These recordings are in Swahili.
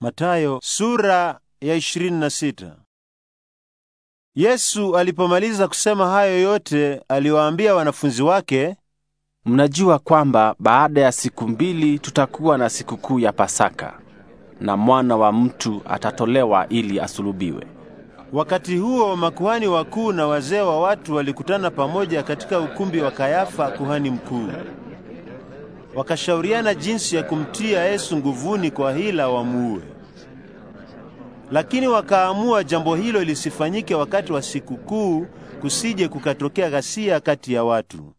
Mathayo sura ya 26. Yesu alipomaliza kusema hayo yote, aliwaambia wanafunzi wake, mnajua kwamba baada ya siku mbili tutakuwa na sikukuu ya Pasaka na mwana wa mtu atatolewa ili asulubiwe. Wakati huo makuhani wakuu na wazee wa watu walikutana pamoja katika ukumbi wa Kayafa kuhani mkuu wakashauriana jinsi ya kumtia Yesu nguvuni kwa hila wamuue. Lakini wakaamua jambo hilo lisifanyike wakati wa sikukuu, kusije kukatokea ghasia kati ya watu.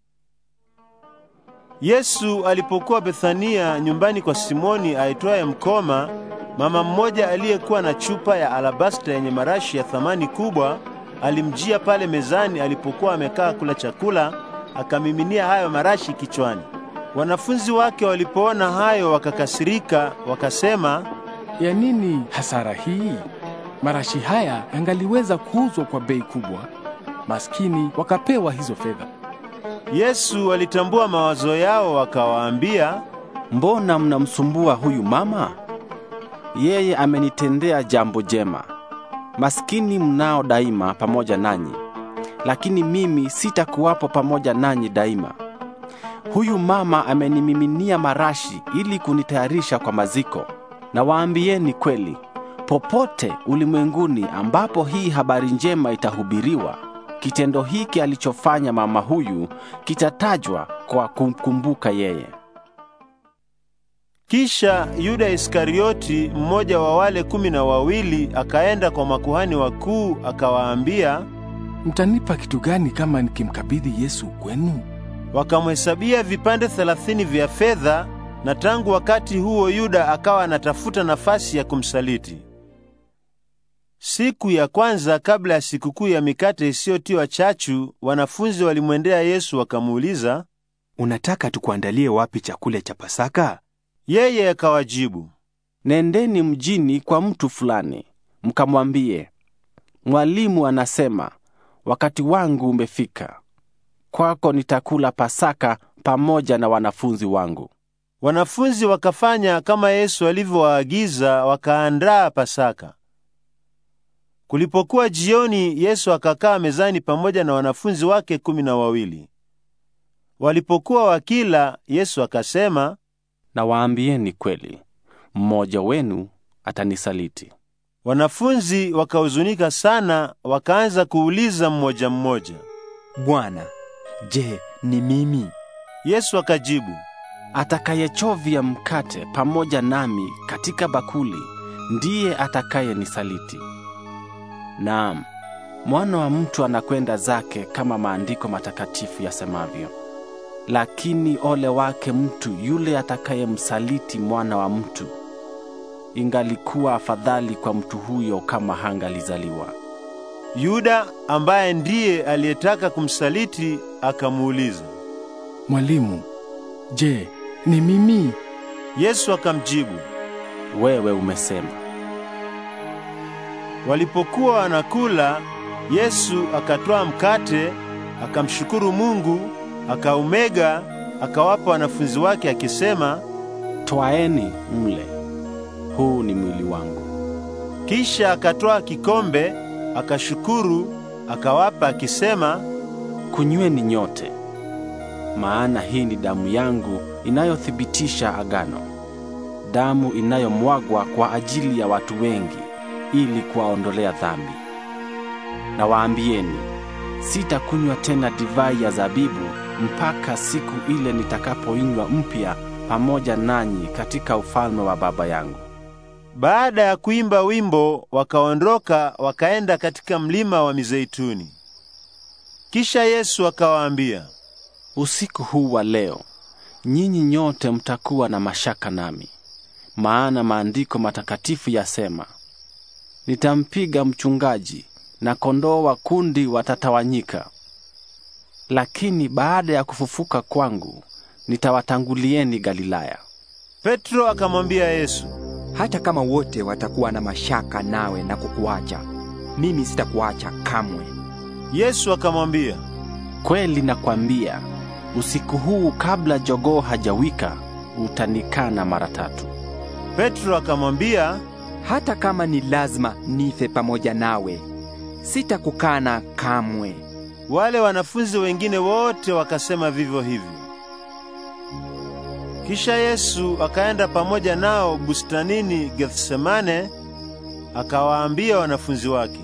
Yesu alipokuwa Bethania, nyumbani kwa Simoni aitwaye mkoma, mama mmoja aliyekuwa na chupa ya alabasta yenye marashi ya thamani kubwa alimjia pale mezani alipokuwa amekaa kula chakula, akamiminia hayo marashi kichwani. Wanafunzi wake walipoona hayo wakakasirika, wakasema, ya nini hasara hii? Marashi haya yangaliweza kuuzwa kwa bei kubwa, maskini wakapewa hizo fedha. Yesu alitambua mawazo yao, akawaambia, mbona mnamsumbua huyu mama? Yeye amenitendea jambo jema. Maskini mnao daima pamoja nanyi, lakini mimi sitakuwapo pamoja nanyi daima. Huyu mama amenimiminia marashi ili kunitayarisha kwa maziko. Na waambieni kweli, popote ulimwenguni ambapo hii habari njema itahubiriwa, kitendo hiki alichofanya mama huyu kitatajwa kwa kumkumbuka yeye. Kisha Yuda Iskarioti, mmoja wa wale kumi na wawili, akaenda kwa makuhani wakuu akawaambia, mtanipa kitu gani kama nikimkabidhi Yesu kwenu? wakamhesabia vipande thelathini vya fedha, na tangu wakati huo Yuda akawa anatafuta nafasi ya kumsaliti. Siku ya kwanza kabla ya sikukuu ya mikate isiyotiwa chachu, wanafunzi walimwendea Yesu wakamuuliza, unataka tukuandalie wapi chakula cha Pasaka? Yeye akawajibu, nendeni mjini kwa mtu fulani mkamwambie, mwalimu anasema wakati wangu umefika kwako nitakula Pasaka pamoja na wanafunzi wangu. Wanafunzi wakafanya kama Yesu alivyowaagiza, wakaandaa Pasaka. Kulipokuwa jioni, Yesu akakaa mezani pamoja na wanafunzi wake kumi na wawili. Walipokuwa wakila, Yesu akasema, nawaambieni kweli, mmoja wenu atanisaliti. Wanafunzi wakahuzunika sana, wakaanza kuuliza mmoja mmoja, Bwana, Je, ni mimi? Yesu akajibu, atakayechovya mkate pamoja nami katika bakuli ndiye atakayenisaliti. Naam, mwana wa mtu anakwenda zake kama maandiko matakatifu yasemavyo. Lakini ole wake mtu yule atakayemsaliti mwana wa mtu. Ingalikuwa afadhali kwa mtu huyo kama hangalizaliwa. Yuda ambaye ndiye aliyetaka kumsaliti akamuuliza, Mwalimu, je, ni mimi? Yesu akamjibu, wewe umesema. Walipokuwa wanakula, Yesu akatoa mkate, akamshukuru Mungu, akaumega, akawapa wanafunzi wake akisema, twaeni mle, huu ni mwili wangu. Kisha akatoa kikombe akashukuru, akawapa akisema, kunyweni nyote, maana hii ni damu yangu inayothibitisha agano, damu inayomwagwa kwa ajili ya watu wengi ili kuwaondolea dhambi. Na waambieni, sitakunywa tena divai ya zabibu mpaka siku ile nitakapoinywa mpya pamoja nanyi katika ufalme wa Baba yangu. Baada ya kuimba wimbo, wakaondoka wakaenda katika mlima wa Mizeituni. Kisha Yesu akawaambia, usiku huu wa leo nyinyi nyote mtakuwa na mashaka nami, maana maandiko matakatifu yasema, nitampiga mchungaji na kondoo wa kundi watatawanyika. Lakini baada ya kufufuka kwangu nitawatangulieni Galilaya. Petro akamwambia Yesu, hata kama wote watakuwa na mashaka nawe na kukuacha, mimi sitakuacha kamwe. Yesu akamwambia, kweli nakwambia, usiku huu kabla jogoo hajawika utanikana mara tatu. Petro akamwambia, hata kama ni lazima nife pamoja nawe, sitakukana kamwe. Wale wanafunzi wengine wote wakasema vivyo hivyo. Kisha Yesu akaenda pamoja nao bustanini Gethsemane, akawaambia wanafunzi wake,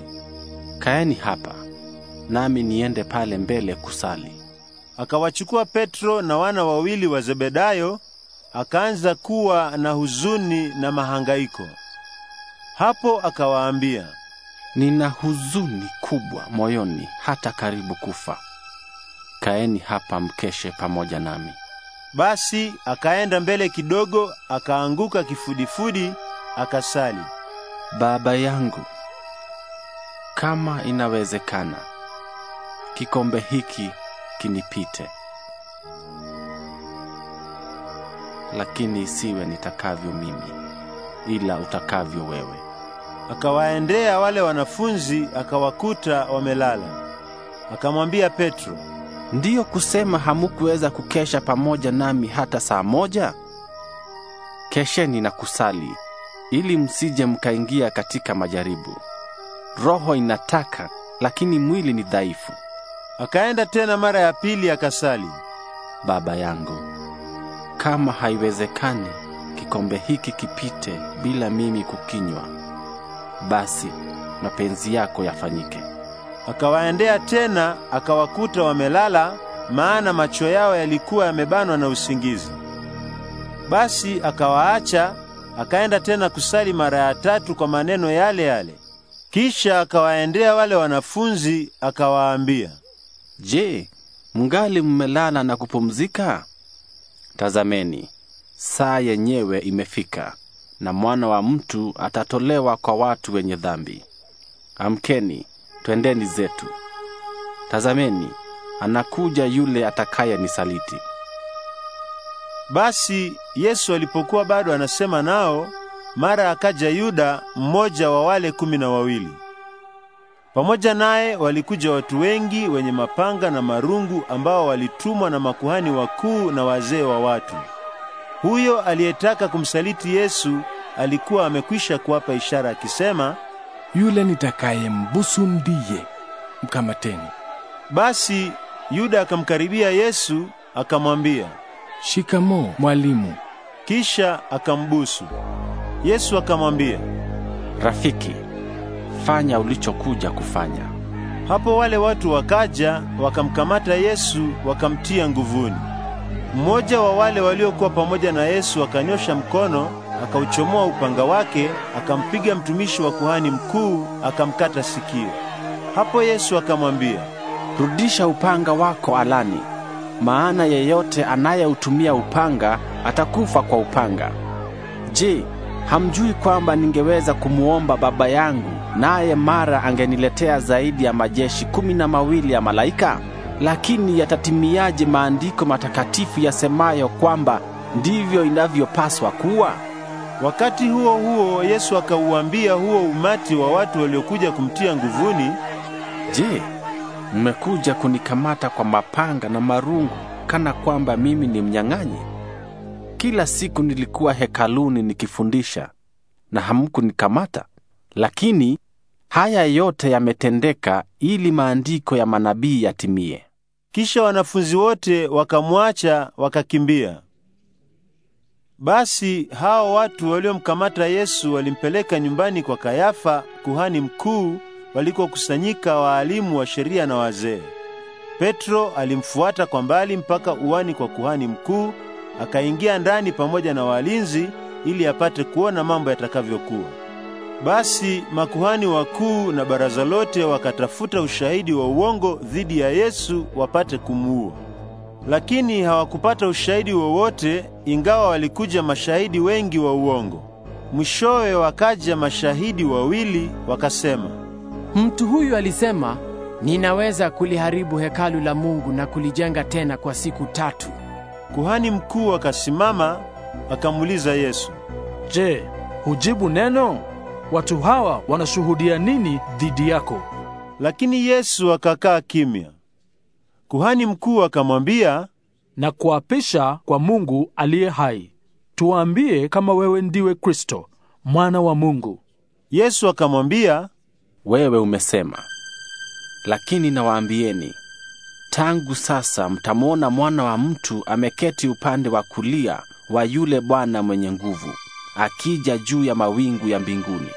kaeni hapa nami niende pale mbele kusali. Akawachukua Petro na wana wawili wa Zebedayo, akaanza kuwa na huzuni na mahangaiko. Hapo akawaambia, nina huzuni kubwa moyoni hata karibu kufa. Kaeni hapa mkeshe pamoja nami. Basi akaenda mbele kidogo, akaanguka kifudifudi, akasali, Baba yangu, kama inawezekana, kikombe hiki kinipite, lakini isiwe nitakavyo mimi, ila utakavyo wewe. Akawaendea wale wanafunzi, akawakuta wamelala. Akamwambia Petro, Ndiyo kusema hamukuweza kukesha pamoja nami hata saa moja? Kesheni na kusali ili msije mkaingia katika majaribu. Roho inataka lakini mwili ni dhaifu. Akaenda tena mara ya pili akasali, Baba yangu, kama haiwezekani kikombe hiki kipite bila mimi kukinywa, basi mapenzi yako yafanyike. Akawaendea tena akawakuta wamelala, maana macho yao yalikuwa yamebanwa na usingizi. Basi akawaacha akaenda tena kusali mara ya tatu kwa maneno yale yale. Kisha akawaendea wale wanafunzi akawaambia, Je, mngali mmelala na kupumzika? Tazameni, saa yenyewe imefika na mwana wa mtu atatolewa kwa watu wenye dhambi. Amkeni, twendeni zetu. Tazameni, anakuja yule atakaye nisaliti. Basi Yesu alipokuwa bado anasema nao, mara akaja Yuda, mmoja wa wale kumi na wawili. Pamoja naye walikuja watu wengi wenye mapanga na marungu ambao walitumwa na makuhani wakuu na wazee wa watu. Huyo aliyetaka kumsaliti Yesu alikuwa amekwisha kuwapa ishara akisema, yule nitakayembusu ndiye, mkamateni. Basi Yuda akamkaribia Yesu akamwambia, Shikamoo mwalimu. Kisha akambusu. Yesu akamwambia, Rafiki, fanya ulichokuja kufanya. Hapo wale watu wakaja wakamkamata Yesu wakamtia nguvuni. Mmoja wa wale waliokuwa pamoja na Yesu akanyosha mkono akauchomoa upanga wake, akampiga mtumishi wa kuhani mkuu, akamkata sikio. Hapo Yesu akamwambia, rudisha upanga wako alani, maana yeyote anayeutumia upanga atakufa kwa upanga. Je, hamjui kwamba ningeweza kumwomba Baba yangu, naye mara angeniletea zaidi ya majeshi kumi na mawili ya malaika? Lakini yatatimiaje maandiko matakatifu yasemayo kwamba ndivyo inavyopaswa kuwa? Wakati huo huo Yesu akauambia huo umati wa watu waliokuja kumtia nguvuni, "Je, mmekuja kunikamata kwa mapanga na marungu kana kwamba mimi ni mnyang'anyi? Kila siku nilikuwa hekaluni nikifundisha na hamkunikamata, lakini haya yote yametendeka ili maandiko ya manabii yatimie." Kisha wanafunzi wote wakamwacha wakakimbia. Basi hao watu waliomkamata Yesu walimpeleka nyumbani kwa Kayafa kuhani mkuu, walikokusanyika waalimu wa sheria na wazee. Petro alimfuata kwa mbali mpaka uwani kwa kuhani mkuu, akaingia ndani pamoja na walinzi ili apate kuona mambo yatakavyokuwa. Basi makuhani wakuu na baraza lote wakatafuta ushahidi wa uongo dhidi ya Yesu wapate kumuua lakini hawakupata ushahidi wowote, ingawa walikuja mashahidi wengi wa uongo. Mwishowe wakaja mashahidi wawili wakasema, mtu huyu alisema, ninaweza kuliharibu hekalu la Mungu na kulijenga tena kwa siku tatu. Kuhani mkuu akasimama akamuuliza Yesu, Je, hujibu neno? Watu hawa wanashuhudia nini dhidi yako? Lakini Yesu akakaa kimya. Kuhani mkuu akamwambia, na kuapisha kwa Mungu aliye hai, tuambie kama wewe ndiwe Kristo mwana wa Mungu. Yesu akamwambia, wewe umesema. Lakini nawaambieni, tangu sasa mtamwona mwana wa mtu ameketi upande wa kulia wa yule Bwana mwenye nguvu, akija juu ya mawingu ya mbinguni.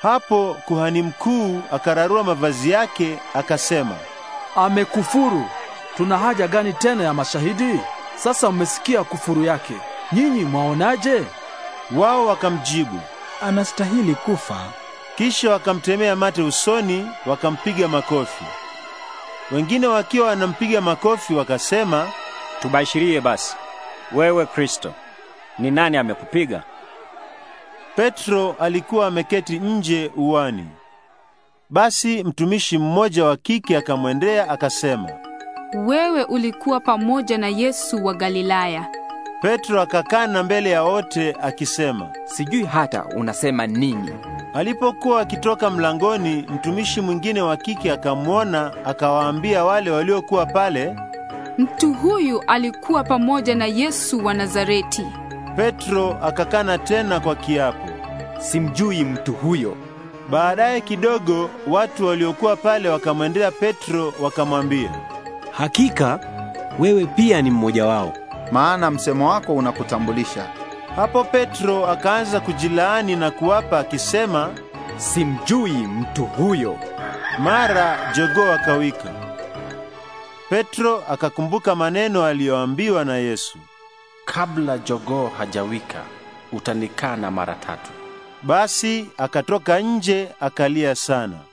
Hapo kuhani mkuu akararua mavazi yake akasema, amekufuru tuna haja gani tena ya mashahidi? Sasa mmesikia kufuru yake, nyinyi mwaonaje? Wao wakamjibu, anastahili kufa. Kisha wakamtemea mate usoni, wakampiga makofi. Wengine wakiwa wanampiga makofi wakasema, tubashirie basi, wewe Kristo, ni nani amekupiga? Petro alikuwa ameketi nje uwani. Basi mtumishi mmoja wa kike akamwendea akasema wewe ulikuwa pamoja na Yesu wa Galilaya. Petro akakana mbele ya wote akisema, sijui hata unasema nini. Alipokuwa akitoka mlangoni, mtumishi mwingine wa kike akamwona, akawaambia wale waliokuwa pale, mtu huyu alikuwa pamoja na Yesu wa Nazareti. Petro akakana tena kwa kiapo, simjui mtu huyo. Baadaye kidogo watu waliokuwa pale wakamwendea Petro wakamwambia Hakika wewe pia ni mmoja wao, maana msemo wako unakutambulisha. Hapo Petro akaanza kujilaani na kuapa akisema, simjui mtu huyo. Mara jogoo akawika. Petro akakumbuka maneno aliyoambiwa na Yesu, kabla jogoo hajawika utanikana mara tatu. Basi akatoka nje akalia sana.